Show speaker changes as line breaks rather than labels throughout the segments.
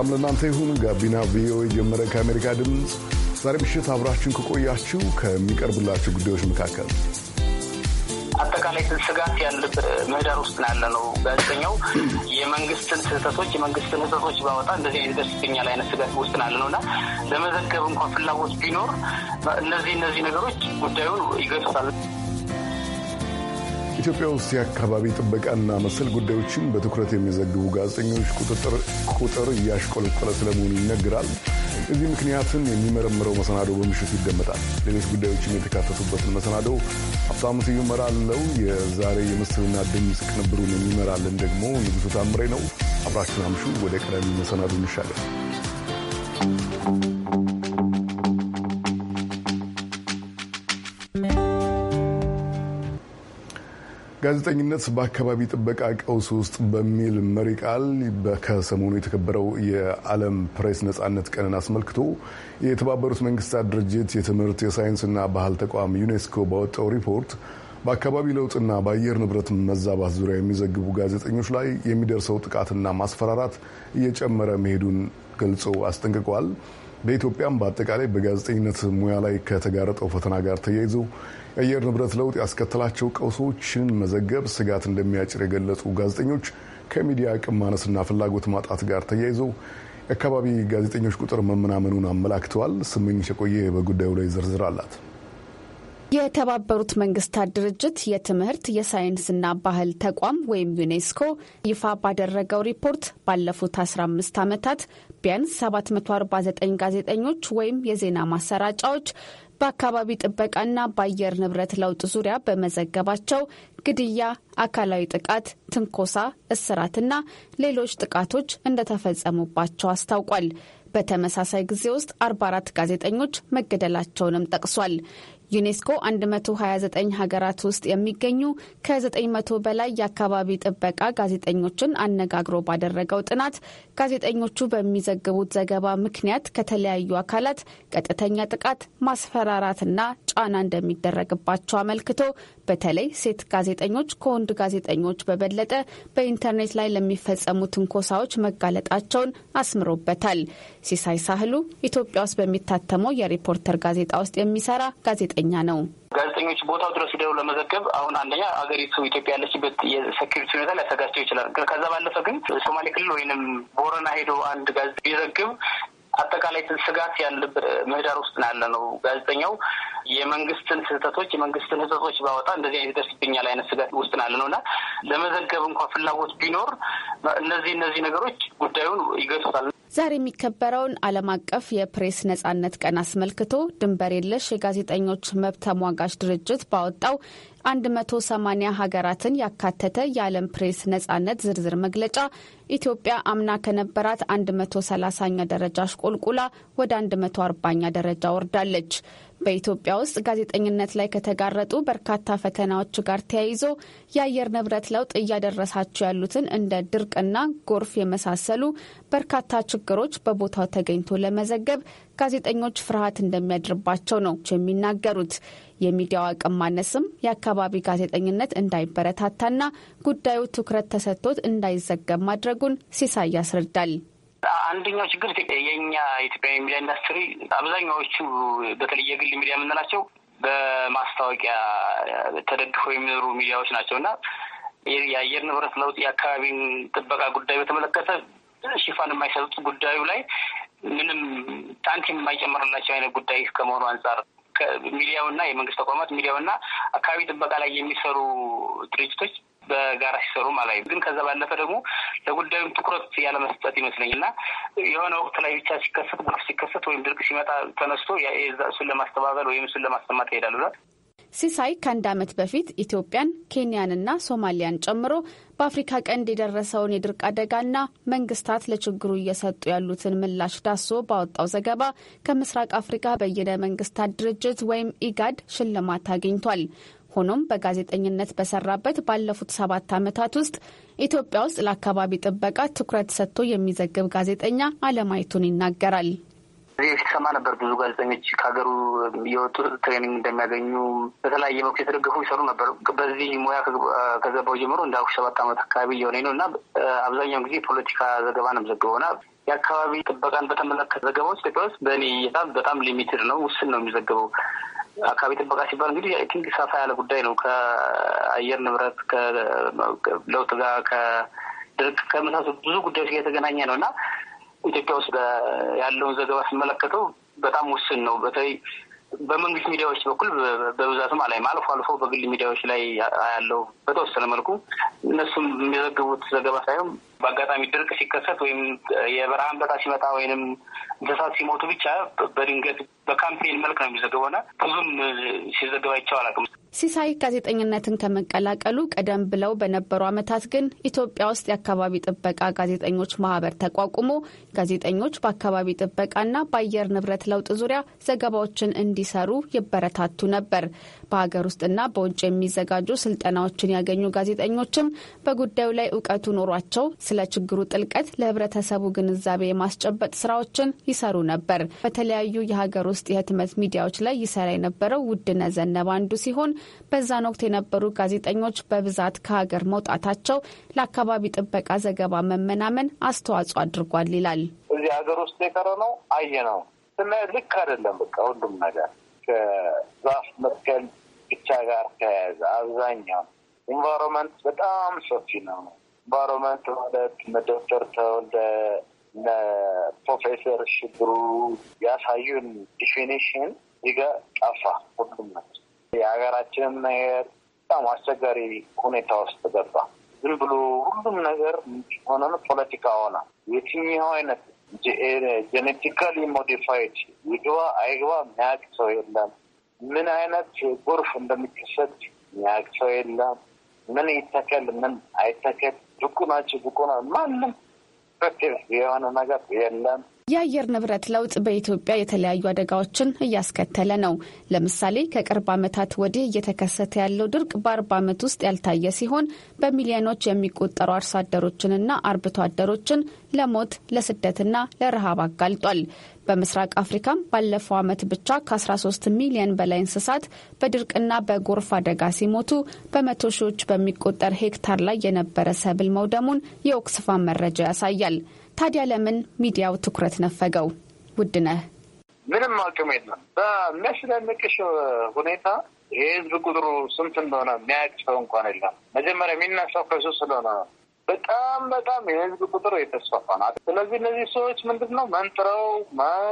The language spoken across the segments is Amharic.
ሰላም ለእናንተ ይሁን። ጋቢና ቪኦኤ ጀመረ። ከአሜሪካ ድምፅ ዛሬ ምሽት አብራችን ከቆያችሁ ከሚቀርብላችሁ ጉዳዮች መካከል
አጠቃላይ ስጋት ያለበት ምህዳር ውስጥ ያለ ነው። ጋዜጠኛው የመንግስትን ስህተቶች የመንግስትን ህጸቶች ባወጣ እንደዚህ አይነት ደርስብኛል አይነት ስጋት ውስጥ ያለ ነው እና ለመዘገብ እንኳን ፍላጎት ቢኖር እነዚህ እነዚህ ነገሮች ጉዳዩን ይገልጻል።
ኢትዮጵያ ውስጥ የአካባቢ ጥበቃና መሰል ጉዳዮችን በትኩረት የሚዘግቡ ጋዜጠኞች ቁጥር እያሽቆለቆለ ስለመሆኑ ይነገራል። እዚህ ምክንያትን የሚመረምረው መሰናዶ በምሽት ይደመጣል። ሌሎች ጉዳዮችም የተካተቱበትን መሰናዶ ሀብታሙ ስዩም እመራለሁ። የዛሬ የምስልና ድምፅ ቅንብሩን የሚመራልን ደግሞ ንጉሱ ታምሬ ነው። አብራችን አምሹ። ወደ ቀዳሚ መሰናዶ እንሻገር። ጋዜጠኝነት በአካባቢ ጥበቃ ቀውስ ውስጥ በሚል መሪ ቃል ከሰሞኑ የተከበረው የዓለም ፕሬስ ነጻነት ቀንን አስመልክቶ የተባበሩት መንግስታት ድርጅት የትምህርት የሳይንስና ባህል ተቋም ዩኔስኮ ባወጣው ሪፖርት በአካባቢ ለውጥና በአየር ንብረት መዛባት ዙሪያ የሚዘግቡ ጋዜጠኞች ላይ የሚደርሰው ጥቃትና ማስፈራራት እየጨመረ መሄዱን ገልጾ አስጠንቅቋል። በኢትዮጵያም በአጠቃላይ በጋዜጠኝነት ሙያ ላይ ከተጋረጠው ፈተና ጋር ተያይዞ የአየር ንብረት ለውጥ ያስከተላቸው ቀውሶችን መዘገብ ስጋት እንደሚያጭር የገለጹ ጋዜጠኞች ከሚዲያ አቅም ማነስና ፍላጎት ማጣት ጋር ተያይዞ የአካባቢ ጋዜጠኞች ቁጥር መመናመኑን አመላክተዋል። ስምኝ የቆየ በጉዳዩ ላይ ዝርዝር አላት።
የተባበሩት መንግስታት ድርጅት የትምህርት የሳይንስና ባህል ተቋም ወይም ዩኔስኮ ይፋ ባደረገው ሪፖርት ባለፉት 15 ዓመታት ቢያንስ 749 ጋዜጠኞች ወይም የዜና ማሰራጫዎች በአካባቢ ጥበቃና በአየር ንብረት ለውጥ ዙሪያ በመዘገባቸው ግድያ፣ አካላዊ ጥቃት፣ ትንኮሳ፣ እስራትና ሌሎች ጥቃቶች እንደተፈጸሙባቸው አስታውቋል። በተመሳሳይ ጊዜ ውስጥ 44 ጋዜጠኞች መገደላቸውንም ጠቅሷል። ዩኔስኮ 129 ሀገራት ውስጥ የሚገኙ ከ900 በላይ የአካባቢ ጥበቃ ጋዜጠኞችን አነጋግሮ ባደረገው ጥናት ጋዜጠኞቹ በሚዘግቡት ዘገባ ምክንያት ከተለያዩ አካላት ቀጥተኛ ጥቃት፣ ማስፈራራትና ጫና እንደሚደረግባቸው አመልክቶ በተለይ ሴት ጋዜጠኞች ከወንድ ጋዜጠኞች በበለጠ በኢንተርኔት ላይ ለሚፈጸሙ ትንኮሳዎች መጋለጣቸውን አስምሮበታል። ሲሳይ ሳህሉ ኢትዮጵያ ውስጥ በሚታተመው የሪፖርተር ጋዜጣ ውስጥ የሚሰራ ጋዜጠኛ ነው። ጋዜጠኞች ቦታው ድረስ ሄደው ለመዘገብ አሁን አንደኛ አገሪቱ ኢትዮጵያ ያለችበት የሴኪሪቲ
ሁኔታ ሊያሰጋቸው ይችላል። ከዛ ባለፈ ግን ሶማሌ ክልል ወይንም ቦረና ሄዶ አንድ ጋዜጠ ቢዘግብ አጠቃላይ ስጋት ያለብ ምህዳር ውስጥ ያለ ነው። ጋዜጠኛው የመንግስትን ስህተቶች የመንግስትን ህጸጾች ባወጣ እንደዚህ አይነት ይደርስብኛል አይነት ስጋት ውስጥ ያለ ነው እና ለመዘገብ እንኳ ፍላጎት ቢኖር እነዚህ እነዚህ ነገሮች ጉዳዩን ይገቱታል።
ዛሬ የሚከበረውን ዓለም አቀፍ የፕሬስ ነጻነት ቀን አስመልክቶ ድንበር የለሽ የጋዜጠኞች መብት ተሟጋች ድርጅት ባወጣው 180 ሀገራትን ያካተተ የዓለም ፕሬስ ነጻነት ዝርዝር መግለጫ ኢትዮጵያ አምና ከነበራት 130ኛ ደረጃ አሽቆልቁላ ወደ 140ኛ ደረጃ ወርዳለች። በኢትዮጵያ ውስጥ ጋዜጠኝነት ላይ ከተጋረጡ በርካታ ፈተናዎች ጋር ተያይዞ የአየር ንብረት ለውጥ እያደረሳቸው ያሉትን እንደ ድርቅና ጎርፍ የመሳሰሉ በርካታ ችግሮች በቦታው ተገኝቶ ለመዘገብ ጋዜጠኞች ፍርሃት እንደሚያድርባቸው ነው የሚናገሩት። የሚዲያው አቅም ማነስም የአካባቢ ጋዜጠኝነት እንዳይበረታታና ጉዳዩ ትኩረት ተሰጥቶት እንዳይዘገብ ማድረጉን ሲሳይ ያስረዳል።
አንደኛው ችግር የኛ ኢትዮጵያ ሚዲያ ኢንዱስትሪ አብዛኛዎቹ በተለይ የግል ሚዲያ የምንላቸው በማስታወቂያ ተደግፈው የሚኖሩ ሚዲያዎች ናቸው እና የአየር ንብረት ለውጥ፣ የአካባቢን ጥበቃ ጉዳይ በተመለከተ ሽፋን የማይሰጡት ጉዳዩ ላይ ምንም ጣንት የማይጨምርላቸው አይነት ጉዳይ ከመሆኑ አንጻር ሚዲያውና የመንግስት ተቋማት ሚዲያውና አካባቢ ጥበቃ ላይ የሚሰሩ ድርጅቶች በጋራ ሲሰሩ ማለት ግን ከዛ ባለፈ ደግሞ ለጉዳዩም ትኩረት ያለመስጠት ይመስለኝ እና የሆነ ወቅት ላይ ብቻ ሲከሰት፣ ጎርፍ ሲከሰት ወይም ድርቅ ሲመጣ ተነስቶ እሱን ለማስተባበል ወይም እሱን ይሄዳል ይሄዳሉ።
ሲሳይ ከአንድ ዓመት በፊት ኢትዮጵያን ኬንያንና ሶማሊያን ጨምሮ በአፍሪካ ቀንድ የደረሰውን የድርቅ አደጋና መንግስታት ለችግሩ እየሰጡ ያሉትን ምላሽ ዳሶ ባወጣው ዘገባ ከምስራቅ አፍሪካ በየነ መንግስታት ድርጅት ወይም ኢጋድ ሽልማት አግኝቷል። ሆኖም በጋዜጠኝነት በሰራበት ባለፉት ሰባት ዓመታት ውስጥ ኢትዮጵያ ውስጥ ለአካባቢ ጥበቃ ትኩረት ሰጥቶ የሚዘግብ ጋዜጠኛ አለማየቱን ይናገራል።
ሲሰማ ነበር። ብዙ ጋዜጠኞች ከሀገሩ የወጡ ትሬኒንግ እንደሚያገኙ በተለያየ መልኩ የተደገፉ ይሰሩ ነበር። በዚህ ሙያ ከገባው ጀምሮ እንዳልኩሽ ሰባት ዓመት አካባቢ እየሆነ ነው እና አብዛኛውን ጊዜ ፖለቲካ ዘገባ ነው የምዘግበው የአካባቢ ጥበቃን በተመለከተ ዘገባዎች ኢትዮጵያ ውስጥ በእኔ እይታ በጣም ሊሚትድ ነው፣ ውስን ነው የሚዘገበው። አካባቢ ጥበቃ ሲባል እንግዲህ አይ ቲንክ ሰፋ ያለ ጉዳይ ነው ከአየር ንብረት ከለውጥ ጋር ከድርቅ ከመሳሰሉ ብዙ ጉዳዮች ጋር የተገናኘ ነው እና ኢትዮጵያ ውስጥ ያለውን ዘገባ ስመለከተው በጣም ውስን ነው። በተለይ በመንግስት ሚዲያዎች በኩል በብዛትም አላይም። አልፎ አልፎ በግል ሚዲያዎች ላይ ያለው በተወሰነ መልኩ እነሱም የሚዘግቡት ዘገባ ሳይሆን በአጋጣሚ ድርቅ ሲከሰት ወይም የበረሃ አንበጣ ሲመጣ ወይንም እንስሳት ሲሞቱ ብቻ በድንገት በካምፔን መልክ ነው የሚዘገበው እና ብዙም ሲዘገባ ይቻው አቅም
ሲሳይ ጋዜጠኝነትን ከመቀላቀሉ ቀደም ብለው በነበሩ ዓመታት ግን ኢትዮጵያ ውስጥ የአካባቢ ጥበቃ ጋዜጠኞች ማህበር ተቋቁሞ ጋዜጠኞች በአካባቢ ጥበቃና በአየር ንብረት ለውጥ ዙሪያ ዘገባዎችን እንዲሰሩ ይበረታቱ ነበር። በሀገር ውስጥና በውጭ የሚዘጋጁ ስልጠናዎችን ያገኙ ጋዜጠኞችም በጉዳዩ ላይ እውቀቱ ኖሯቸው ስለ ችግሩ ጥልቀት ለህብረተሰቡ ግንዛቤ የማስጨበጥ ስራዎችን ይሰሩ ነበር። በተለያዩ የሀገር ውስጥ የህትመት ሚዲያዎች ላይ ይሰራ የነበረው ውድነ ዘነባ አንዱ ሲሆን በዛን ወቅት የነበሩ ጋዜጠኞች በብዛት ከሀገር መውጣታቸው ለአካባቢ ጥበቃ ዘገባ መመናመን አስተዋጽኦ አድርጓል ይላል።
እዚህ ሀገር ውስጥ የቀረ ነው አየ ነው ስና ልክ አይደለም። በቃ ሁሉም ነገር ከዛፍ መትከል ብቻ ጋር ተያያዘ። አብዛኛው ኢንቫይሮንመንት በጣም ሰፊ ነው። ኢንቫይሮንመንት ማለት እነ ዶክተር ተወልደ እነ ፕሮፌሰር ሽብሩ ያሳዩን ዲፊኒሽን ይገ ጋ ጠፋ ሁሉም ነገር የሀገራችንም ነገር በጣም አስቸጋሪ ሁኔታ ውስጥ ገባ። ዝም ብሎ ሁሉም ነገር ሆነ ፖለቲካ ሆነ። የትኛው አይነት ጄኔቲካሊ ሞዲፋይድ ይግባ አይግባ ሚያውቅ ሰው የለም። ምን አይነት ጎርፍ እንደሚከሰት ሚያውቅ ሰው የለም። ምን ይተከል ምን አይተከል ብቁ ናቸው ብቁ ማንም ፌክቲቭ የሆነ ነገር የለም።
የአየር ንብረት ለውጥ በኢትዮጵያ የተለያዩ አደጋዎችን እያስከተለ ነው። ለምሳሌ ከቅርብ ዓመታት ወዲህ እየተከሰተ ያለው ድርቅ በአርባ ዓመት ውስጥ ያልታየ ሲሆን በሚሊዮኖች የሚቆጠሩ አርሶ አደሮችንና አርብቶ አደሮችን ለሞት ለስደትና ለረሃብ አጋልጧል። በምስራቅ አፍሪካም ባለፈው ዓመት ብቻ ከ13 ሚሊዮን በላይ እንስሳት በድርቅና በጎርፍ አደጋ ሲሞቱ በመቶ ሺዎች በሚቆጠር ሄክታር ላይ የነበረ ሰብል መውደሙን የኦክስፋም መረጃ ያሳያል። ታዲያ ለምን ሚዲያው ትኩረት ነፈገው? ውድ ነህ?
ምንም አቅም የለም። በሚያስደንቅሽ ሁኔታ የህዝብ ቁጥሩ ስንት እንደሆነ የሚያውቅ ሰው እንኳን የለም። መጀመሪያ የሚነሳው ከሱ ስለሆነ በጣም በጣም የህዝብ ቁጥር የተስፋፋ ናት። ስለዚህ እነዚህ ሰዎች ምንድን ነው መንጥረው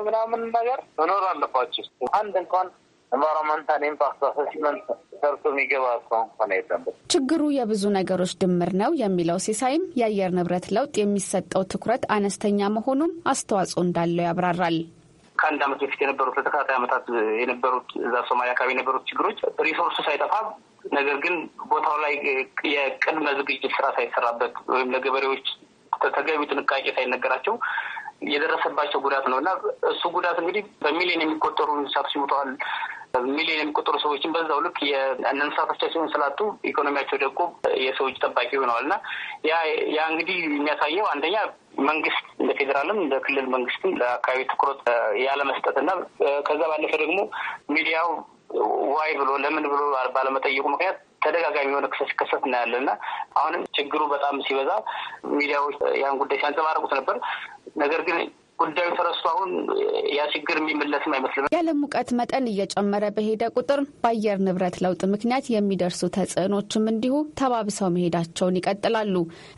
ምናምን ነገር መኖር አለባቸው። አንድ እንኳን ኤንቫይሮንመንታል ኢምፓክት አሰስመንት ሰርቶ የሚገባ እንኳን የለም።
ችግሩ የብዙ ነገሮች ድምር ነው የሚለው ሲሳይም የአየር ንብረት ለውጥ የሚሰጠው ትኩረት አነስተኛ መሆኑም አስተዋጽኦ እንዳለው ያብራራል። ከአንድ ዓመት በፊት የነበሩት ለተከታታይ አመታት የነበሩት እዛ ሶማሊያ አካባቢ
የነበሩት ችግሮች ሪሶርሱ ሳይጠፋ ነገር ግን ቦታው ላይ የቅድመ ዝግጅት ስራ ሳይሰራበት ወይም ለገበሬዎች ተገቢ ጥንቃቄ ሳይነገራቸው የደረሰባቸው ጉዳት ነው እና እሱ ጉዳት እንግዲህ በሚሊዮን የሚቆጠሩ እንስሳቶች ሞተዋል። ሚሊዮን ቁጥር ሰዎችን በዛው ልክ ሲሆን ስላጡ ኢኮኖሚያቸው ደቆ የሰው እጅ ጠባቂ ሆነዋል እና ያ ያ እንግዲህ የሚያሳየው አንደኛ መንግስት እንደ ፌዴራልም እንደ ክልል መንግስትም ለአካባቢ ትኩረት ያለመስጠት እና ከዛ ባለፈ ደግሞ ሚዲያው ዋይ ብሎ ለምን ብሎ ባለመጠየቁ ምክንያት ተደጋጋሚ የሆነ ክሰት ክሰት እናያለን እና አሁንም ችግሩ በጣም ሲበዛ ሚዲያዎች ያን ጉዳይ ሲያንጸባረቁት ነበር። ነገር ግን ጉዳዩ ተረስቶ አሁን ያ ችግር የሚመለስም አይመስልም።
የዓለም ሙቀት መጠን እየጨመረ በሄደ ቁጥር በአየር ንብረት ለውጥ ምክንያት የሚደርሱ ተጽዕኖችም እንዲሁ ተባብሰው መሄዳቸውን ይቀጥላሉ።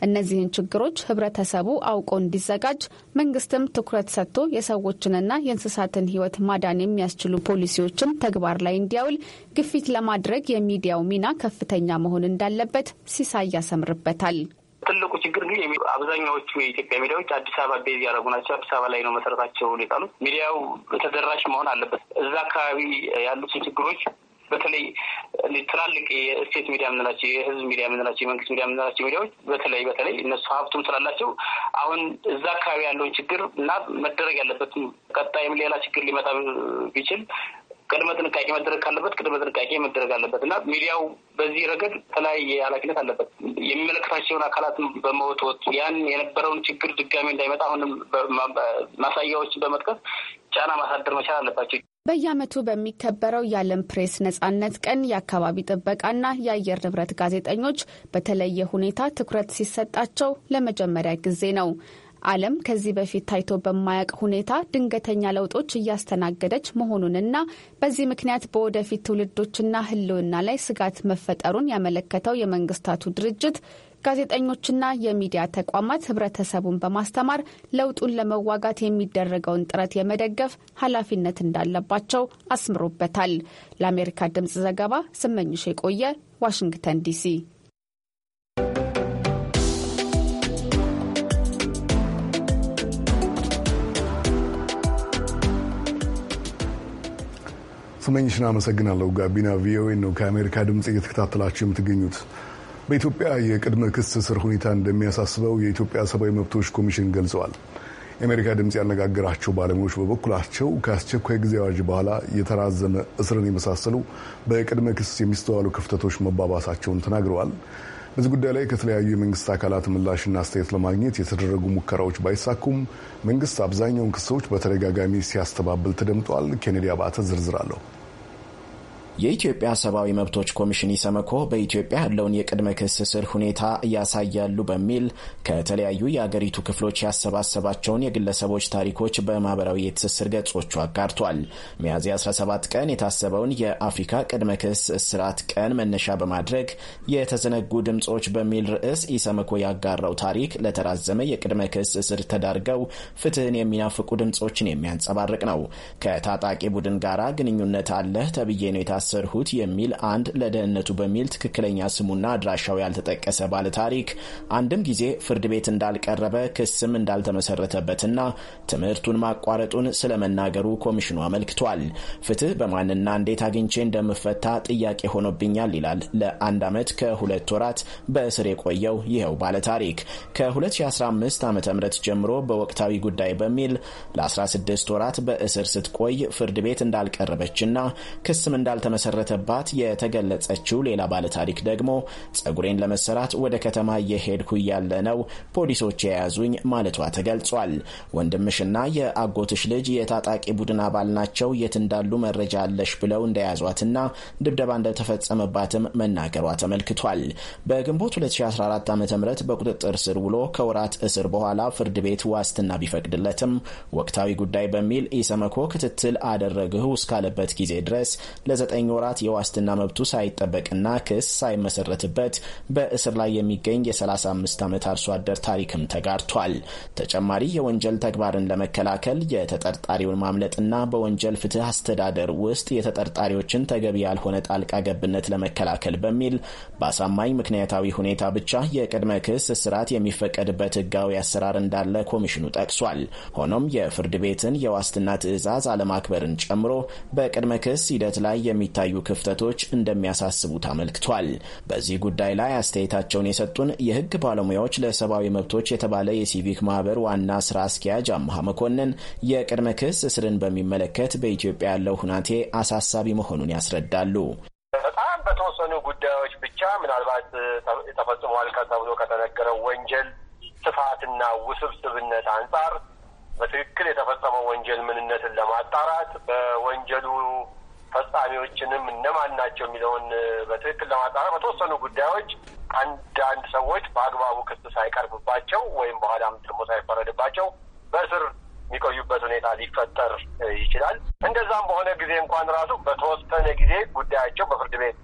እነዚህን ችግሮች ህብረተሰቡ አውቆ እንዲዘጋጅ መንግስትም ትኩረት ሰጥቶ የሰዎችንና የእንስሳትን ህይወት ማዳን የሚያስችሉ ፖሊሲዎችን ተግባር ላይ እንዲያውል ግፊት ለማድረግ የሚዲያው ሚና ከፍተኛ መሆን እንዳለበት ሲሳይ ያሰምርበታል።
ትልቁ ችግር እንግዲህ አብዛኛዎቹ የኢትዮጵያ ሚዲያዎች አዲስ አበባ ቤዝ ያደረጉ ናቸው። አዲስ አበባ ላይ ነው መሰረታቸው የጣሉት። ሚዲያው ተደራሽ መሆን አለበት። እዛ አካባቢ ያሉትን ችግሮች በተለይ ትላልቅ የስቴት ሚዲያ የምንላቸው የህዝብ ሚዲያ የምንላቸው የመንግስት ሚዲያ የምንላቸው ሚዲያዎች በተለይ በተለይ እነሱ ሀብቱም ስላላቸው አሁን እዛ አካባቢ ያለውን ችግር እና መደረግ ያለበትም ቀጣይም ሌላ ችግር ሊመጣ ቢችል ቅድመ ጥንቃቄ መደረግ ካለበት ቅድመ ጥንቃቄ መደረግ አለበት እና ሚዲያው በዚህ ረገድ የተለያየ ኃላፊነት አለበት። የሚመለከታቸውን አካላት በመወትወት ያን የነበረውን ችግር ድጋሚ እንዳይመጣ አሁንም
ማሳያዎችን በመጥቀስ ጫና ማሳደር መቻል አለባቸው። በየዓመቱ በሚከበረው የዓለም ፕሬስ ነጻነት ቀን የአካባቢ ጥበቃና የአየር ንብረት ጋዜጠኞች በተለየ ሁኔታ ትኩረት ሲሰጣቸው ለመጀመሪያ ጊዜ ነው። ዓለም ከዚህ በፊት ታይቶ በማያውቅ ሁኔታ ድንገተኛ ለውጦች እያስተናገደች መሆኑንና በዚህ ምክንያት በወደፊት ትውልዶችና ሕልውና ላይ ስጋት መፈጠሩን ያመለከተው የመንግስታቱ ድርጅት ጋዜጠኞችና የሚዲያ ተቋማት ህብረተሰቡን በማስተማር ለውጡን ለመዋጋት የሚደረገውን ጥረት የመደገፍ ኃላፊነት እንዳለባቸው አስምሮበታል። ለአሜሪካ ድምጽ ዘገባ ስመኝሽ የቆየ ዋሽንግተን ዲሲ
ስመኝሽን አመሰግናለሁ። ጋቢና ቪኦኤ ነው ከአሜሪካ ድምፅ እየተከታተላችሁ የምትገኙት። በኢትዮጵያ የቅድመ ክስ ስር ሁኔታ እንደሚያሳስበው የኢትዮጵያ ሰብአዊ መብቶች ኮሚሽን ገልጸዋል። የአሜሪካ ድምፅ ያነጋገራቸው ባለሙያዎች በበኩላቸው ከአስቸኳይ ጊዜ አዋጅ በኋላ የተራዘመ እስርን የመሳሰሉ በቅድመ ክስ የሚስተዋሉ ክፍተቶች መባባሳቸውን ተናግረዋል። በዚህ ጉዳይ ላይ ከተለያዩ የመንግስት አካላት ምላሽና አስተያየት ለማግኘት የተደረጉ ሙከራዎች ባይሳኩም መንግስት አብዛኛውን ክሶች
በተደጋጋሚ ሲያስተባብል ተደምጧል። ኬኔዲ አባተ ዝርዝር አለው። የኢትዮጵያ ሰብአዊ መብቶች ኮሚሽን ኢሰመኮ በኢትዮጵያ ያለውን የቅድመ ክስ ስር ሁኔታ ያሳያሉ በሚል ከተለያዩ የአገሪቱ ክፍሎች ያሰባሰባቸውን የግለሰቦች ታሪኮች በማህበራዊ የትስስር ገጾቹ አጋርቷል። ሚያዝያ 17 ቀን የታሰበውን የአፍሪካ ቅድመ ክስ እስራት ቀን መነሻ በማድረግ የተዘነጉ ድምጾች በሚል ርዕስ ኢሰመኮ ያጋራው ታሪክ ለተራዘመ የቅድመ ክስ እስር ተዳርገው ፍትህን የሚናፍቁ ድምጾችን የሚያንጸባርቅ ነው። ከታጣቂ ቡድን ጋራ ግንኙነት አለህ ተብዬ ነው ያሳሰርሁት የሚል አንድ ለደህንነቱ በሚል ትክክለኛ ስሙና አድራሻው ያልተጠቀሰ ባለታሪክ አንድም ጊዜ ፍርድ ቤት እንዳልቀረበ ክስም እንዳልተመሰረተበትና ትምህርቱን ማቋረጡን ስለመናገሩ ኮሚሽኑ አመልክቷል። ፍትህ በማንና እንዴት አግኝቼ እንደምፈታ ጥያቄ ሆኖብኛል ይላል ለአንድ ዓመት ከሁለት ወራት በእስር የቆየው ይኸው ባለታሪክ ከ2015 ዓ ም ጀምሮ በወቅታዊ ጉዳይ በሚል ለ16 ወራት በእስር ስትቆይ ፍርድ ቤት እንዳልቀረበችና ክስም እንዳልተ እንደተመሰረተባት የተገለጸችው ሌላ ባለታሪክ ደግሞ ጸጉሬን ለመሰራት ወደ ከተማ እየሄድኩ እያለ ነው ፖሊሶች የያዙኝ ማለቷ ተገልጿል። ወንድምሽና የአጎትሽ ልጅ የታጣቂ ቡድን አባል ናቸው፣ የት እንዳሉ መረጃ አለሽ ብለው እንደያዟትና ድብደባ እንደተፈጸመባትም መናገሯ ተመልክቷል። በግንቦት 2014 ዓ ም በቁጥጥር ስር ውሎ ከወራት እስር በኋላ ፍርድ ቤት ዋስትና ቢፈቅድለትም ወቅታዊ ጉዳይ በሚል ኢሰመኮ ክትትል አደረግሁ እስካለበት ጊዜ ድረስ ለዘጠኝ ዘጠኝ ወራት የዋስትና መብቱ ሳይጠበቅና ክስ ሳይመሰረትበት በእስር ላይ የሚገኝ የ35 ዓመት አርሶ አደር ታሪክም ተጋርቷል። ተጨማሪ የወንጀል ተግባርን ለመከላከል የተጠርጣሪውን ማምለጥና በወንጀል ፍትህ አስተዳደር ውስጥ የተጠርጣሪዎችን ተገቢ ያልሆነ ጣልቃ ገብነት ለመከላከል በሚል በአሳማኝ ምክንያታዊ ሁኔታ ብቻ የቅድመ ክስ እስራት የሚፈቀድበት ህጋዊ አሰራር እንዳለ ኮሚሽኑ ጠቅሷል። ሆኖም የፍርድ ቤትን የዋስትና ትዕዛዝ አለማክበርን ጨምሮ በቅድመ ክስ ሂደት ላይ የሚ የሚታዩ ክፍተቶች እንደሚያሳስቡት አመልክቷል። በዚህ ጉዳይ ላይ አስተያየታቸውን የሰጡን የህግ ባለሙያዎች ለሰብአዊ መብቶች የተባለ የሲቪክ ማህበር ዋና ስራ አስኪያጅ አመሃ መኮንን የቅድመ ክስ እስርን በሚመለከት በኢትዮጵያ ያለው ሁናቴ አሳሳቢ መሆኑን ያስረዳሉ።
በጣም በተወሰኑ ጉዳዮች ብቻ ምናልባት ተፈጽሟል ከተብሎ ከተነገረው ወንጀል ስፋትና ውስብስብነት አንጻር በትክክል የተፈጸመው ወንጀል ምንነትን ለማጣራት በወንጀሉ ፈጻሚዎችንም እነማን ናቸው የሚለውን በትክክል ለማጣራ በተወሰኑ ጉዳዮች አንዳንድ ሰዎች በአግባቡ ክስ ሳይቀርብባቸው ወይም በኋላም ደግሞ ሳይፈረድባቸው በእስር የሚቆዩበት ሁኔታ ሊፈጠር ይችላል። እንደዛም በሆነ ጊዜ እንኳን ራሱ በተወሰነ ጊዜ ጉዳያቸው በፍርድ ቤት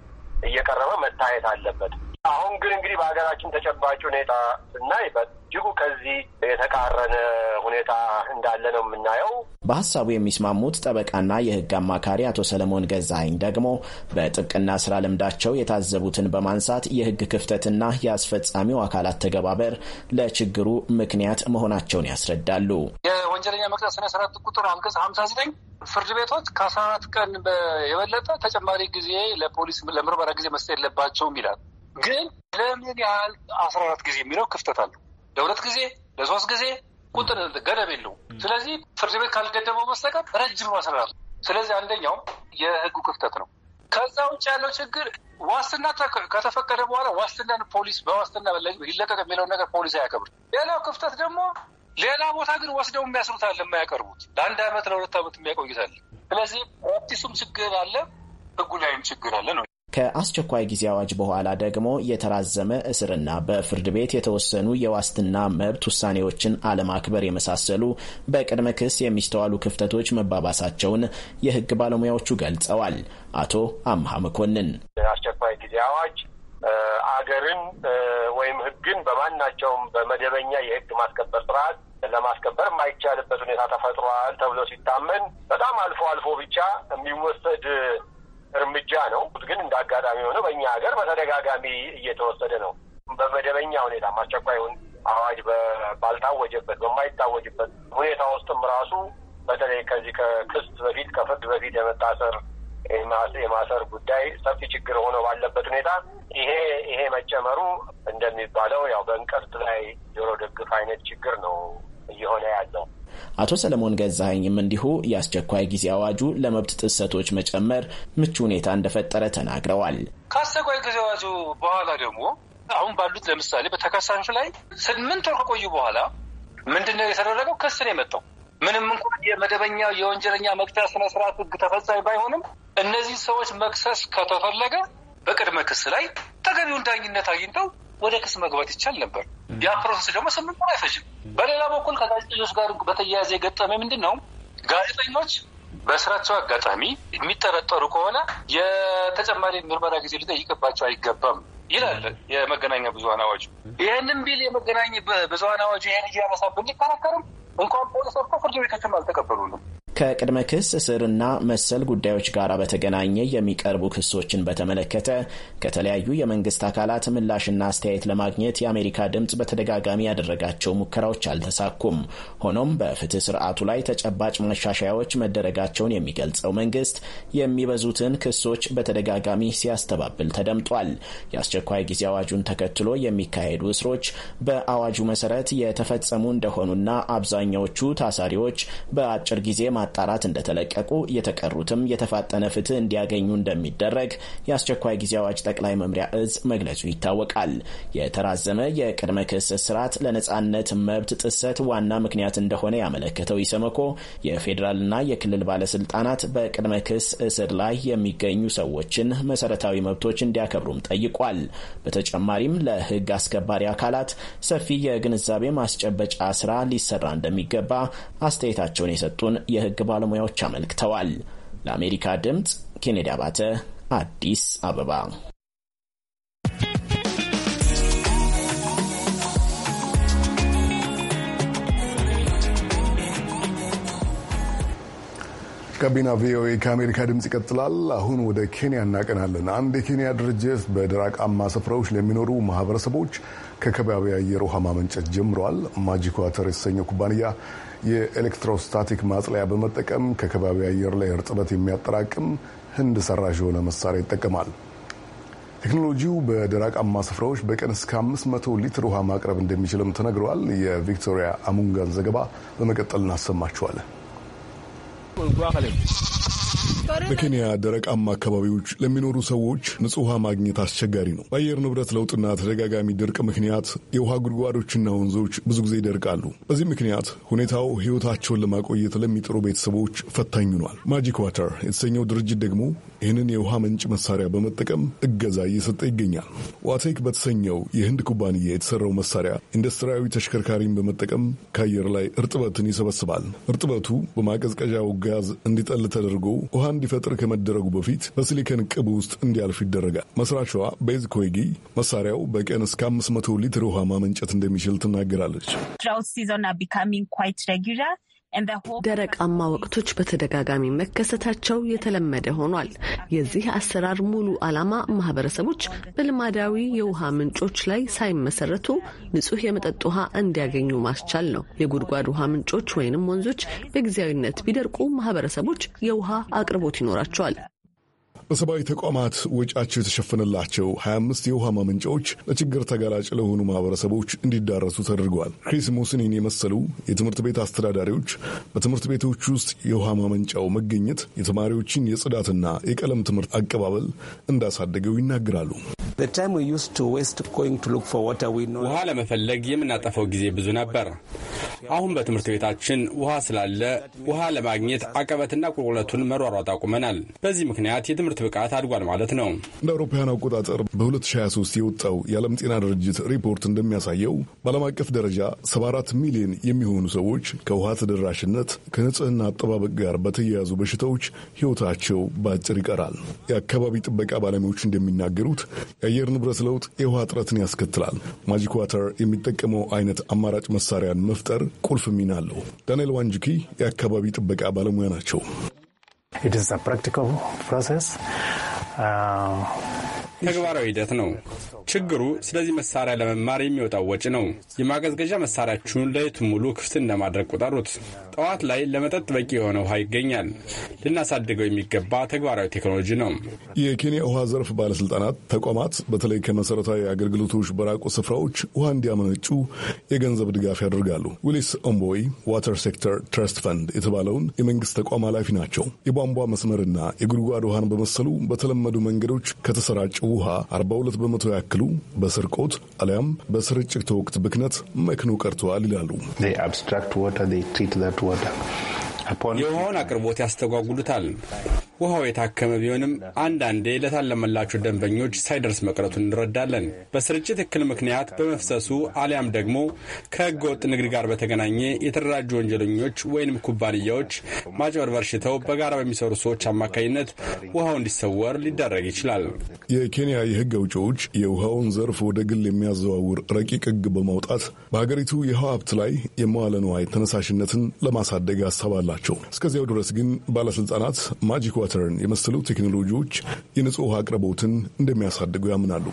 እየቀረበ መታየት አለበት። አሁን ግን እንግዲህ በሀገራችን ተጨባጭ ሁኔታ ስናይ በእጅጉ ከዚህ የተቃረነ ሁኔታ እንዳለ ነው የምናየው።
በሀሳቡ የሚስማሙት ጠበቃና የህግ አማካሪ አቶ ሰለሞን ገዛኸኝ ደግሞ በጥብቅና ስራ ልምዳቸው የታዘቡትን በማንሳት የህግ ክፍተትና የአስፈጻሚው አካላት ተገባበር ለችግሩ ምክንያት መሆናቸውን ያስረዳሉ።
የወንጀለኛ መቅጫ ስነ ስርዓት ቁጥር አንቀጽ ሀምሳ ዘጠኝ ፍርድ ቤቶች ከአስራ አራት ቀን የበለጠ ተጨማሪ ጊዜ ለፖሊስ ለምርመራ ጊዜ መስጠት የለባቸውም ይላል። ግን ለምን ያህል አስራ አራት ጊዜ የሚለው ክፍተት አለ። ለሁለት ጊዜ ለሶስት ጊዜ ቁጥር ገደብ የለው። ስለዚህ ፍርድ ቤት ካልገደበው መስጠቀም ረጅም አስራ አራት ስለዚህ አንደኛው የህጉ ክፍተት ነው። ከዛ ውጭ ያለው ችግር ዋስትና ከተፈቀደ በኋላ ዋስትናን ፖሊስ በዋስትና ሊለቀቅ የሚለውን ነገር ፖሊስ አያከብር። ሌላው ክፍተት ደግሞ ሌላ ቦታ ግን ወስደው የሚያስሩት አለ የማያቀርቡት ለአንድ አመት ለሁለት አመት የሚያቆይታል። ስለዚህ አዲሱም ችግር አለ፣ ህጉ ላይም ችግር አለ
ነው። ከአስቸኳይ ጊዜ አዋጅ በኋላ ደግሞ የተራዘመ እስርና በፍርድ ቤት የተወሰኑ የዋስትና መብት ውሳኔዎችን አለማክበር የመሳሰሉ በቅድመ ክስ የሚስተዋሉ ክፍተቶች መባባሳቸውን የህግ ባለሙያዎቹ ገልጸዋል። አቶ አምሃ መኮንን
አስቸኳይ ጊዜ አዋጅ አገርን ወይም ህግን በማናቸውም በመደበኛ የህግ ማስከበር ስርዓት ለማስከበር የማይቻልበት ሁኔታ ተፈጥሯል ተብሎ ሲታመን በጣም አልፎ አልፎ ብቻ የሚወሰድ እርምጃ ነው። ግን እንደ አጋጣሚ የሆነ በእኛ ሀገር በተደጋጋሚ እየተወሰደ ነው። በመደበኛ ሁኔታ አስቸኳይን አዋጅ ባልታወጀበት በማይታወጅበት ሁኔታ ውስጥም ራሱ በተለይ ከዚህ ከክስት በፊት ከፍርድ በፊት የመታሰር የማሰር ጉዳይ ሰፊ ችግር ሆኖ ባለበት ሁኔታ ይሄ ይሄ መጨመሩ እንደሚባለው ያው በእንቅርት ላይ ጆሮ ደግፍ አይነት ችግር ነው እየሆነ ያለው።
አቶ ሰለሞን ገዛኸኝም እንዲሁ የአስቸኳይ ጊዜ አዋጁ ለመብት ጥሰቶች መጨመር ምቹ ሁኔታ እንደፈጠረ ተናግረዋል።
ከአስቸኳይ ጊዜ አዋጁ በኋላ ደግሞ አሁን ባሉት ለምሳሌ በተከሳሹ ላይ ስምንት ወር ከቆዩ በኋላ ምንድነው የተደረገው? ክስ ነው የመጣው። ምንም እንኳን የመደበኛ የወንጀለኛ መቅጫ ስነስርዓት ህግ ተፈጻሚ ባይሆንም እነዚህ ሰዎች መክሰስ ከተፈለገ በቅድመ ክስ ላይ ተገቢውን ዳኝነት አግኝተው ወደ ክስ መግባት ይቻል ነበር። ያ ፕሮሰስ ደግሞ ስምንት ወር አይፈጅም። በሌላ በኩል ከጋዜጠኞች ጋር በተያያዘ የገጠመ ምንድን ነው? ጋዜጠኞች በስራቸው አጋጣሚ የሚጠረጠሩ ከሆነ የተጨማሪ ምርመራ ጊዜ ሊጠይቅባቸው አይገባም ይላል የመገናኛ ብዙሀን አዋጁ። ይህንም ቢል የመገናኛ ብዙሀን አዋጁ ይህን እያነሳብን ሊከራከርም እንኳን ፖሊስ ፍርድ ቤቶችም አልተቀበሉንም።
ከቅድመ ክስ እስርና መሰል ጉዳዮች ጋር በተገናኘ የሚቀርቡ ክሶችን በተመለከተ ከተለያዩ የመንግስት አካላት ምላሽና አስተያየት ለማግኘት የአሜሪካ ድምፅ በተደጋጋሚ ያደረጋቸው ሙከራዎች አልተሳኩም። ሆኖም በፍትህ ስርዓቱ ላይ ተጨባጭ መሻሻያዎች መደረጋቸውን የሚገልጸው መንግስት የሚበዙትን ክሶች በተደጋጋሚ ሲያስተባብል ተደምጧል። የአስቸኳይ ጊዜ አዋጁን ተከትሎ የሚካሄዱ እስሮች በአዋጁ መሰረት የተፈጸሙ እንደሆኑና አብዛኛዎቹ ታሳሪዎች በአጭር ጊዜ ማ በማጣራት እንደተለቀቁ የተቀሩትም የተፋጠነ ፍትህ እንዲያገኙ እንደሚደረግ የአስቸኳይ ጊዜ አዋጅ ጠቅላይ መምሪያ እዝ መግለጹ ይታወቃል። የተራዘመ የቅድመ ክስ ስርዓት ለነጻነት መብት ጥሰት ዋና ምክንያት እንደሆነ ያመለከተው ኢሰመኮ የፌዴራልና የክልል ባለስልጣናት በቅድመ ክስ እስር ላይ የሚገኙ ሰዎችን መሰረታዊ መብቶች እንዲያከብሩም ጠይቋል። በተጨማሪም ለህግ አስከባሪ አካላት ሰፊ የግንዛቤ ማስጨበጫ ስራ ሊሰራ እንደሚገባ አስተያየታቸውን የሰጡን የህግ የህግ ባለሙያዎች አመልክተዋል። ለአሜሪካ ድምፅ ኬኔዲ አባተ አዲስ አበባ።
ጋቢና ቪኦኤ ከአሜሪካ ድምፅ ይቀጥላል። አሁን ወደ ኬንያ እናቀናለን። አንድ የኬንያ ድርጅት በደረቃማ ስፍራዎች ለሚኖሩ ማህበረሰቦች ከከባቢ አየር ውሃ ማመንጨት ጀምረዋል። ማጂክ ዋተር የተሰኘው ኩባንያ የኤሌክትሮስታቲክ ማጽለያ በመጠቀም ከከባቢ አየር ላይ እርጥበት የሚያጠራቅም ህንድ ሰራሽ የሆነ መሳሪያ ይጠቀማል። ቴክኖሎጂው በደረቃማ ስፍራዎች በቀን እስከ 500 ሊትር ውሃ ማቅረብ እንደሚችልም ተነግረዋል። የቪክቶሪያ አሙንጋን ዘገባ በመቀጠል እናሰማችኋለን። በኬንያ ደረቃማ አካባቢዎች ለሚኖሩ ሰዎች ንጹህ ውሃ ማግኘት አስቸጋሪ ነው። በአየር ንብረት ለውጥና ተደጋጋሚ ድርቅ ምክንያት የውሃ ጉድጓዶችና ወንዞች ብዙ ጊዜ ይደርቃሉ። በዚህ ምክንያት ሁኔታው ሕይወታቸውን ለማቆየት ለሚጥሩ ቤተሰቦች ፈታኝ ሆኗል። ማጂክ ዋተር የተሰኘው ድርጅት ደግሞ ይህንን የውሃ ምንጭ መሳሪያ በመጠቀም እገዛ እየሰጠ ይገኛል። ዋቴክ በተሰኘው የህንድ ኩባንያ የተሰራው መሳሪያ ኢንዱስትሪያዊ ተሽከርካሪን በመጠቀም ከአየር ላይ እርጥበትን ይሰበስባል። እርጥበቱ በማቀዝቀዣ ጋዝ እንዲጠል ተደርጎ ውሃ እንዲፈጥር ከመደረጉ በፊት በሲሊከን ቅብ ውስጥ እንዲያልፍ ይደረጋል። መስራቿ ቤዝ ኮይጊ መሳሪያው በቀን እስከ አምስት መቶ ሊትር ውሃ ማመንጨት እንደሚችል ትናገራለች።
ደረቃማ ወቅቶች በተደጋጋሚ መከሰታቸው የተለመደ ሆኗል። የዚህ አሰራር ሙሉ ዓላማ ማህበረሰቦች በልማዳዊ የውሃ ምንጮች ላይ ሳይመሰረቱ ንጹህ የመጠጥ ውሃ እንዲያገኙ ማስቻል ነው። የጉድጓድ ውሃ ምንጮች ወይንም ወንዞች በጊዜያዊነት ቢደርቁ ማህበረሰቦች የውሃ አቅርቦት ይኖራቸዋል። በሰብአዊ ተቋማት
ወጪያቸው የተሸፈነላቸው 25 የውሃ ማመንጫዎች ለችግር ተጋላጭ ለሆኑ ማህበረሰቦች እንዲዳረሱ ተደርገዋል። ክሪስ ሞስኒን የመሰሉ የትምህርት ቤት አስተዳዳሪዎች በትምህርት ቤቶች ውስጥ የውሃ ማመንጫው መገኘት የተማሪዎችን የጽዳትና የቀለም ትምህርት አቀባበል እንዳሳደገው ይናገራሉ።
ውሃ ለመፈለግ
የምናጠፈው ጊዜ ብዙ ነበር። አሁን በትምህርት ቤታችን ውሃ ስላለ ውሃ ለማግኘት አቀበትና ቁልቁለቱን መሯሯጥ አቁመናል። በዚህ ምክንያት የትምህርት ብቃት አድጓል ማለት ነው።
እንደ አውሮፓውያን አቆጣጠር በ2023 የወጣው የዓለም ጤና ድርጅት ሪፖርት እንደሚያሳየው በዓለም አቀፍ ደረጃ 74 ሚሊዮን የሚሆኑ ሰዎች ከውሃ ተደራሽነት ከንጽህና አጠባበቅ ጋር በተያያዙ በሽታዎች ሕይወታቸው በአጭር ይቀራል። የአካባቢ ጥበቃ ባለሙያዎች እንደሚናገሩት የአየር ንብረት ለውጥ የውሃ እጥረትን ያስከትላል። ማጂክ ዋተር የሚጠቀመው አይነት አማራጭ መሳሪያን መፍጠር ቁልፍ ሚና አለው። ዳንኤል ዋንጅኪ የአካባቢ ጥበቃ ባለሙያ ናቸው።
uh,
ተግባራዊ ሂደት ነው። ችግሩ ስለዚህ መሳሪያ ለመማር የሚወጣው ወጪ ነው። የማቀዝቀዣ መሳሪያችሁን ለየት ሙሉ ክፍት እንደማድረግ ቁጠሩት። ጠዋት ላይ ለመጠጥ በቂ የሆነ ውሃ ይገኛል። ልናሳድገው የሚገባ ተግባራዊ ቴክኖሎጂ ነው።
የኬንያ ውሃ ዘርፍ ባለስልጣናት ተቋማት በተለይ ከመሠረታዊ አገልግሎቶች በራቁ ስፍራዎች ውሃ እንዲያመነጩ የገንዘብ ድጋፍ ያደርጋሉ። ዊሊስ ኦምቦይ ዋተር ሴክተር ትረስት ፈንድ የተባለውን የመንግስት ተቋም ኃላፊ ናቸው። የቧንቧ መስመርና የጉድጓድ ውሃን በመሰሉ በተለመዱ መንገዶች ከተሰራጨው ውሃ 42 በመቶ ያክል በትክክሉ በስርቆት አሊያም በስርጭት ወቅት ብክነት መክኖ ቀርተዋል ይላሉ።
የውሃውን አቅርቦት ያስተጓጉሉታል። ውሃው የታከመ ቢሆንም አንዳንዴ ለታለመላቸው ደንበኞች ሳይደርስ መቅረቱን እንረዳለን። በስርጭት እክል ምክንያት በመፍሰሱ አሊያም ደግሞ ከህገ ወጥ ንግድ ጋር በተገናኘ የተደራጁ ወንጀለኞች ወይንም ኩባንያዎች ማጭበርበር ሽተው በጋራ በሚሰሩ ሰዎች አማካኝነት ውሃው እንዲሰወር ሊደረግ ይችላል።
የኬንያ የህግ አውጪዎች የውሃውን ዘርፍ ወደ ግል የሚያዘዋውር ረቂቅ ህግ በማውጣት በሀገሪቱ የውሃ ሀብት ላይ የመዋለ ንዋይ ተነሳሽነትን ለማሳደግ አሳብ አላቸው። እስከዚያው ድረስ ግን ባለስልጣናት ማጂኳ ሞተርን የመሰሉ ቴክኖሎጂዎች የንጹህ ውሃ አቅርቦትን እንደሚያሳድጉ ያምናሉ።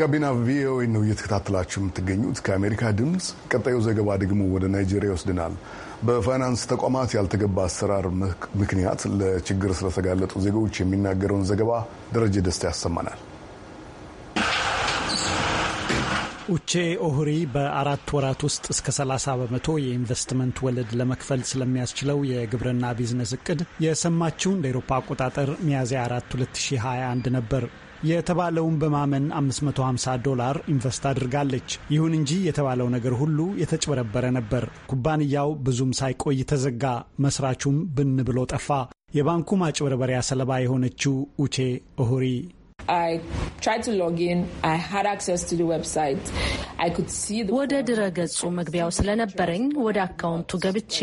ጋቢና ቪኦኤ ነው እየተከታተላችሁ የምትገኙት ከአሜሪካ ድምፅ። ቀጣዩ ዘገባ ደግሞ ወደ ናይጄሪያ ይወስድናል። በፋይናንስ ተቋማት ያልተገባ አሰራር ምክንያት ለችግር ስለተጋለጡ ዜጎች የሚናገረውን ዘገባ ደረጀ ደስታ ያሰማናል።
ኡቼ ኦሁሪ በአራት ወራት ውስጥ እስከ 30 በመቶ የኢንቨስትመንት ወለድ ለመክፈል ስለሚያስችለው የግብርና ቢዝነስ እቅድ የሰማችው እንደ ኤሮፓ አቆጣጠር ሚያዝያ 4 2021 ነበር። የተባለውን በማመን 550 ዶላር ኢንቨስት አድርጋለች። ይሁን እንጂ የተባለው ነገር ሁሉ የተጭበረበረ ነበር። ኩባንያው ብዙም ሳይቆይ ተዘጋ፣ መስራቹም ብን ብሎ ጠፋ። የባንኩ ማጭበርበሪያ ሰለባ የሆነችው ኡቼ ኦሁሪ
ወደ ድረ ገጹ መግቢያው ስለነበረኝ ወደ አካውንቱ ገብቼ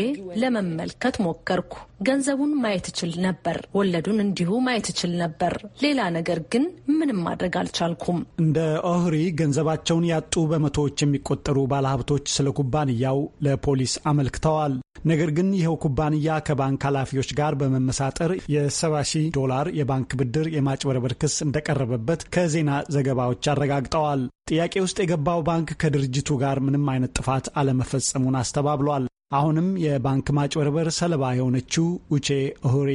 ለመመልከት ሞከርኩ። ገንዘቡን ማየት እችል ነበር፣ ወለዱን እንዲሁ ማየት እችል ነበር። ሌላ ነገር ግን ምንም ማድረግ አልቻልኩም።
እንደ ኦህሪ ገንዘባቸውን ያጡ በመቶዎች የሚቆጠሩ ባለሀብቶች ስለ ኩባንያው ለፖሊስ አመልክተዋል። ነገር ግን ይኸው ኩባንያ ከባንክ ኃላፊዎች ጋር በመመሳጠር የ70 ሺህ ዶላር የባንክ ብድር የማጭበርበር ክስ እንደቀ እንደቀረበበት ከዜና ዘገባዎች አረጋግጠዋል። ጥያቄ ውስጥ የገባው ባንክ ከድርጅቱ ጋር ምንም አይነት ጥፋት አለመፈጸሙን አስተባብሏል። አሁንም የባንክ ማጭበርበር ሰለባ የሆነችው ውቼ ሁሪ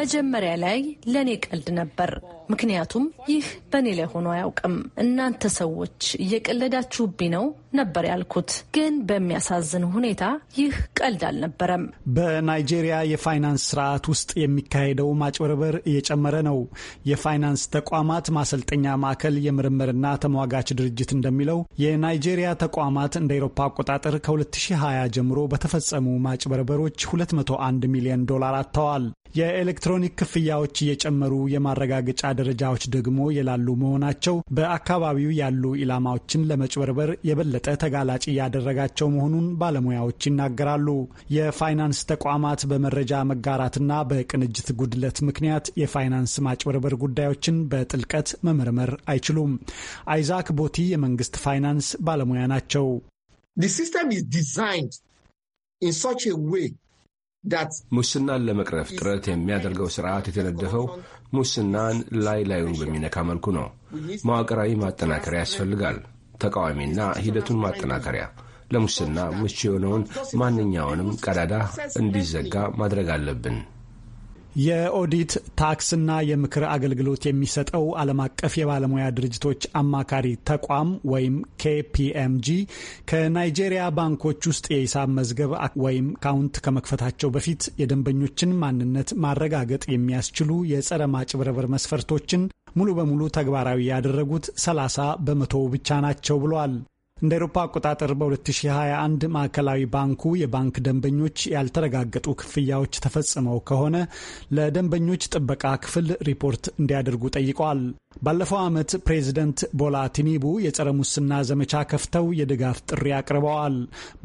መጀመሪያ ላይ ለእኔ ቀልድ ነበር፣ ምክንያቱም ይህ በእኔ ላይ ሆኖ አያውቅም። እናንተ ሰዎች እየቀለዳችሁብኝ ነው ነበር ያልኩት። ግን በሚያሳዝን ሁኔታ ይህ ቀልድ አልነበረም።
በናይጄሪያ የፋይናንስ ስርዓት ውስጥ የሚካሄደው ማጭበርበር እየጨመረ ነው። የፋይናንስ ተቋማት ማሰልጠኛ ማዕከል የምርምርና ተሟጋች ድርጅት እንደሚለው የናይጄሪያ ተቋማት እንደ ኤሮፓ አቆጣጠር ከ2020 ጀምሮ በተፈጸሙ ማጭበርበሮች 101 ሚሊዮን ዶላር አጥተዋል። የኤሌክትሮኒክ ክፍያዎች እየጨመሩ የማረጋገጫ ደረጃዎች ደግሞ የላሉ መሆናቸው በአካባቢው ያሉ ኢላማዎችን ለመጭበርበር የበለጠ ተጋላጭ እያደረጋቸው መሆኑን ባለሙያዎች ይናገራሉ። የፋይናንስ ተቋማት በመረጃ መጋራትና በቅንጅት ጉድለት ምክንያት የፋይናንስ ማጭበርበር ጉዳዮችን በጥልቀት መመርመር አይችሉም። አይዛክ ቦቲ የመንግስት ፋይናንስ ባለሙያ ናቸው። The system
ሙስናን ለመቅረፍ ጥረት የሚያደርገው ስርዓት የተነደፈው ሙስናን ላይ ላዩን በሚነካ መልኩ ነው። መዋቅራዊ ማጠናከሪያ ያስፈልጋል። ተቃዋሚና ሂደቱን ማጠናከሪያ ለሙስና ምቹ የሆነውን ማንኛውንም ቀዳዳ እንዲዘጋ ማድረግ አለብን።
የኦዲት ታክስና የምክር አገልግሎት የሚሰጠው ዓለም አቀፍ የባለሙያ ድርጅቶች አማካሪ ተቋም ወይም ኬፒኤምጂ ከናይጄሪያ ባንኮች ውስጥ የሂሳብ መዝገብ ወይም ካውንት ከመክፈታቸው በፊት የደንበኞችን ማንነት ማረጋገጥ የሚያስችሉ የጸረ ማጭበረበር መስፈርቶችን ሙሉ በሙሉ ተግባራዊ ያደረጉት 30 በመቶ ብቻ ናቸው ብለዋል። እንደ አውሮፓ አቆጣጠር በ2021 ማዕከላዊ ባንኩ የባንክ ደንበኞች ያልተረጋገጡ ክፍያዎች ተፈጽመው ከሆነ ለደንበኞች ጥበቃ ክፍል ሪፖርት እንዲያደርጉ ጠይቋል። ባለፈው ዓመት ፕሬዚደንት ቦላ ቲኒቡ የጸረ ሙስና ዘመቻ ከፍተው የድጋፍ ጥሪ አቅርበዋል።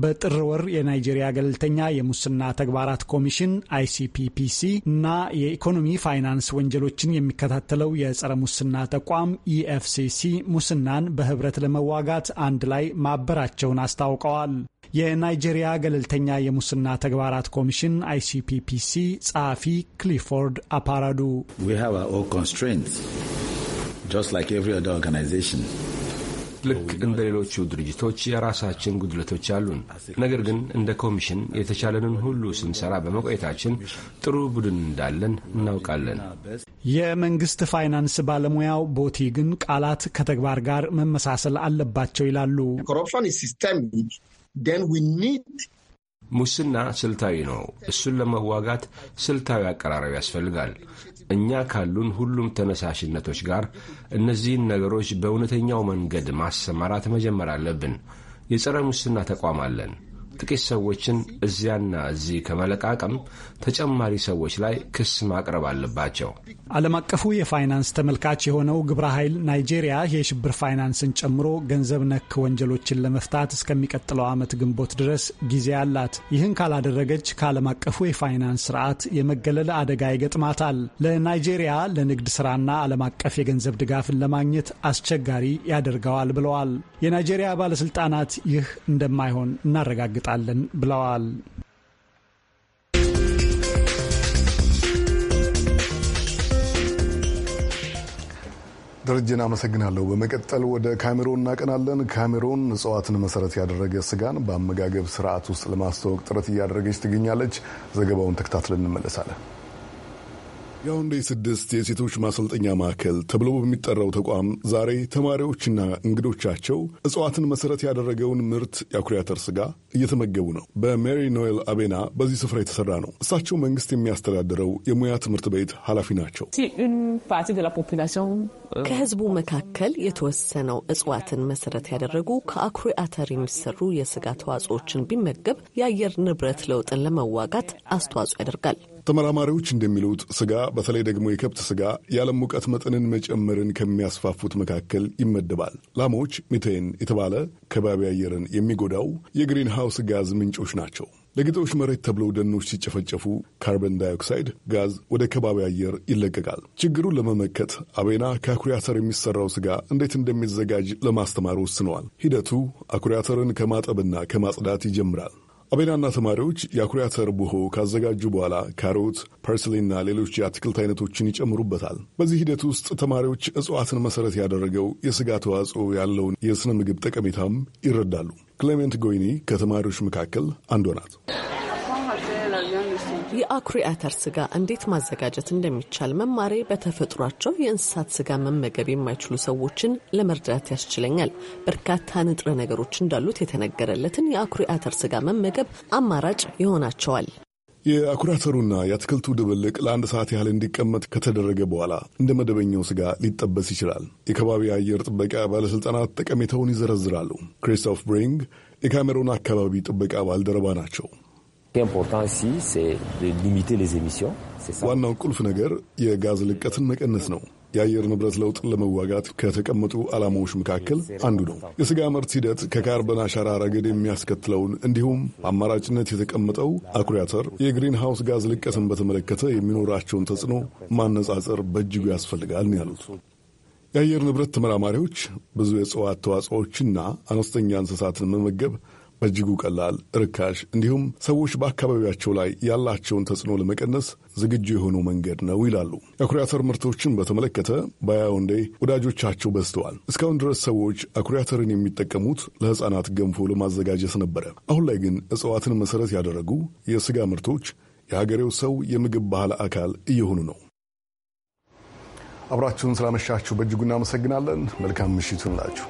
በጥር ወር የናይጄሪያ ገለልተኛ የሙስና ተግባራት ኮሚሽን አይሲፒፒሲ እና የኢኮኖሚ ፋይናንስ ወንጀሎችን የሚከታተለው የጸረ ሙስና ተቋም ኢኤፍሲሲ ሙስናን በህብረት ለመዋጋት አንድ ላይ ላይ ማበራቸውን አስታውቀዋል። የናይጄሪያ ገለልተኛ የሙስና ተግባራት ኮሚሽን አይሲፒፒሲ ጸሐፊ ክሊፎርድ አፓራዱ
ልክ እንደ ሌሎቹ ድርጅቶች የራሳችን ጉድለቶች አሉን። ነገር ግን እንደ ኮሚሽን የተቻለንን ሁሉ ስንሰራ በመቆየታችን ጥሩ ቡድን እንዳለን እናውቃለን።
የመንግስት ፋይናንስ ባለሙያው ቦቲ ግን ቃላት ከተግባር ጋር መመሳሰል አለባቸው ይላሉ።
ሙስና ስልታዊ ነው። እሱን ለመዋጋት ስልታዊ አቀራረብ ያስፈልጋል። እኛ ካሉን ሁሉም ተነሳሽነቶች ጋር እነዚህን ነገሮች በእውነተኛው መንገድ ማሰማራት መጀመር አለብን። የጸረ ሙስና ተቋም አለን። ጥቂት ሰዎችን እዚያና እዚህ ከመለቃቀም ተጨማሪ ሰዎች ላይ ክስ ማቅረብ አለባቸው።
ዓለም አቀፉ የፋይናንስ ተመልካች የሆነው ግብረ ኃይል ናይጄሪያ የሽብር ፋይናንስን ጨምሮ ገንዘብ ነክ ወንጀሎችን ለመፍታት እስከሚቀጥለው ዓመት ግንቦት ድረስ ጊዜ አላት። ይህን ካላደረገች ከዓለም አቀፉ የፋይናንስ ስርዓት የመገለል አደጋ ይገጥማታል። ለናይጄሪያ ለንግድ ስራና ዓለም አቀፍ የገንዘብ ድጋፍን ለማግኘት አስቸጋሪ ያደርገዋል ብለዋል። የናይጄሪያ ባለስልጣናት ይህ እንደማይሆን እናረጋግጣል። እናረጋግጣለን ብለዋል። ድርጅን አመሰግናለሁ።
በመቀጠል ወደ ካሜሮን እናቀናለን። ካሜሮን እጽዋትን መሰረት ያደረገ ስጋን በአመጋገብ ስርዓት ውስጥ ለማስተዋወቅ ጥረት እያደረገች ትገኛለች። ዘገባውን ተከታትለን እንመለሳለን። የአሁንዴ ስድስት የሴቶች ማሰልጠኛ ማዕከል ተብሎ በሚጠራው ተቋም ዛሬ ተማሪዎችና እንግዶቻቸው እጽዋትን መሰረት ያደረገውን ምርት የአኩሪ አተር ስጋ እየተመገቡ ነው። በሜሪ ኖኤል አቤና በዚህ ስፍራ የተሰራ ነው። እሳቸው መንግስት የሚያስተዳድረው የሙያ ትምህርት ቤት ኃላፊ ናቸው።
euh, ከህዝቡ መካከል የተወሰነው እጽዋትን መሰረት ያደረጉ ከአኩሪ አተር የሚሰሩ የስጋ ተዋጽኦችን ቢመገብ የአየር ንብረት ለውጥን ለመዋጋት አስተዋጽኦ ያደርጋል። ተመራማሪዎች
እንደሚሉት ስጋ በተለይ ደግሞ የከብት ስጋ የዓለም ሙቀት መጠንን መጨመርን ከሚያስፋፉት መካከል ይመደባል። ላሞች ሚቴን የተባለ ከባቢ አየርን የሚጎዳው የግሪን ሃውስ ጋዝ ምንጮች ናቸው። ለግጦሽ መሬት ተብለው ደኖች ሲጨፈጨፉ ካርበን ዳይኦክሳይድ ጋዝ ወደ ከባቢ አየር ይለቀቃል። ችግሩን ለመመከት አቤና ከአኩሪ አተር የሚሰራው ስጋ እንዴት እንደሚዘጋጅ ለማስተማር ወስነዋል። ሂደቱ አኩሪ አተርን ከማጠብና ከማጽዳት ይጀምራል። አቤናና ተማሪዎች የአኩሪ አተር ቡሆ ካዘጋጁ በኋላ ካሮት፣ ፐርስሊና ሌሎች የአትክልት አይነቶችን ይጨምሩበታል። በዚህ ሂደት ውስጥ ተማሪዎች እጽዋትን መሰረት ያደረገው የስጋ ተዋጽኦ ያለውን የስነ ምግብ ጠቀሜታም ይረዳሉ። ክሌሜንት ጎይኒ ከተማሪዎች መካከል አንዷ ናት።
የአኩሪ አተር ስጋ እንዴት ማዘጋጀት እንደሚቻል መማሬ በተፈጥሯቸው የእንስሳት ስጋ መመገብ የማይችሉ ሰዎችን ለመርዳት ያስችለኛል። በርካታ ንጥረ ነገሮች እንዳሉት የተነገረለትን የአኩሪ አተር ስጋ መመገብ አማራጭ ይሆናቸዋል።
የአኩሪ አተሩና የአትክልቱ ድብልቅ ለአንድ ሰዓት ያህል እንዲቀመጥ ከተደረገ በኋላ እንደ መደበኛው ስጋ ሊጠበስ ይችላል። የከባቢ አየር ጥበቃ ባለሥልጣናት ጠቀሜታውን ይዘረዝራሉ። ክሪስቶፍ ብሪንግ የካሜሮን አካባቢ ጥበቃ ባልደረባ ናቸው። ዋናው ቁልፍ ነገር የጋዝ ልቀትን መቀነስ ነው። የአየር ንብረት ለውጥ ለመዋጋት ከተቀመጡ ዓላማዎች መካከል አንዱ ነው። የስጋ ምርት ሂደት ከካርበን አሻራ ረገድ የሚያስከትለውን እንዲሁም በአማራጭነት የተቀመጠው አኩሪ አተር ጋዝ ልቀትን በተመለከተ የሚኖራቸውን ተጽዕኖ ማነጻጸር በእጅጉ ያስፈልጋል ነው ያሉት። የአየር ንብረት ተመራማሪዎች ብዙ የእጽዋት ተዋጽኦችና አነስተኛ እንስሳትን መመገብ በእጅጉ ቀላል፣ ርካሽ እንዲሁም ሰዎች በአካባቢያቸው ላይ ያላቸውን ተጽዕኖ ለመቀነስ ዝግጁ የሆኑ መንገድ ነው ይላሉ። አኩሪ አተር ምርቶችን በተመለከተ በያውንዴ ወዳጆቻቸው በዝተዋል። እስካሁን ድረስ ሰዎች አኩሪ አተርን የሚጠቀሙት ለሕፃናት ገንፎ ለማዘጋጀት ነበረ። አሁን ላይ ግን እጽዋትን መሠረት ያደረጉ የሥጋ ምርቶች የሀገሬው ሰው የምግብ ባህል አካል እየሆኑ ነው። አብራችሁን ስላመሻችሁ በእጅጉ እናመሰግናለን። መልካም ምሽቱን ላችሁ